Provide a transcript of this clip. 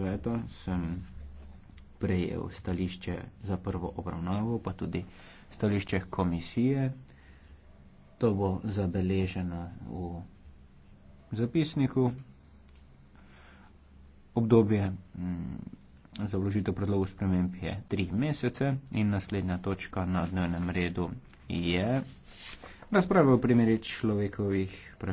9. sem prejel stališče za prvo obravnavo, pa tudi stališče komisije. To bo zabeleženo v zapisniku. Obdobje mm, za vložitev predlogov sprememb je tri mesece in naslednja točka na dnevnem redu je razprava o primeri človekovih pravic.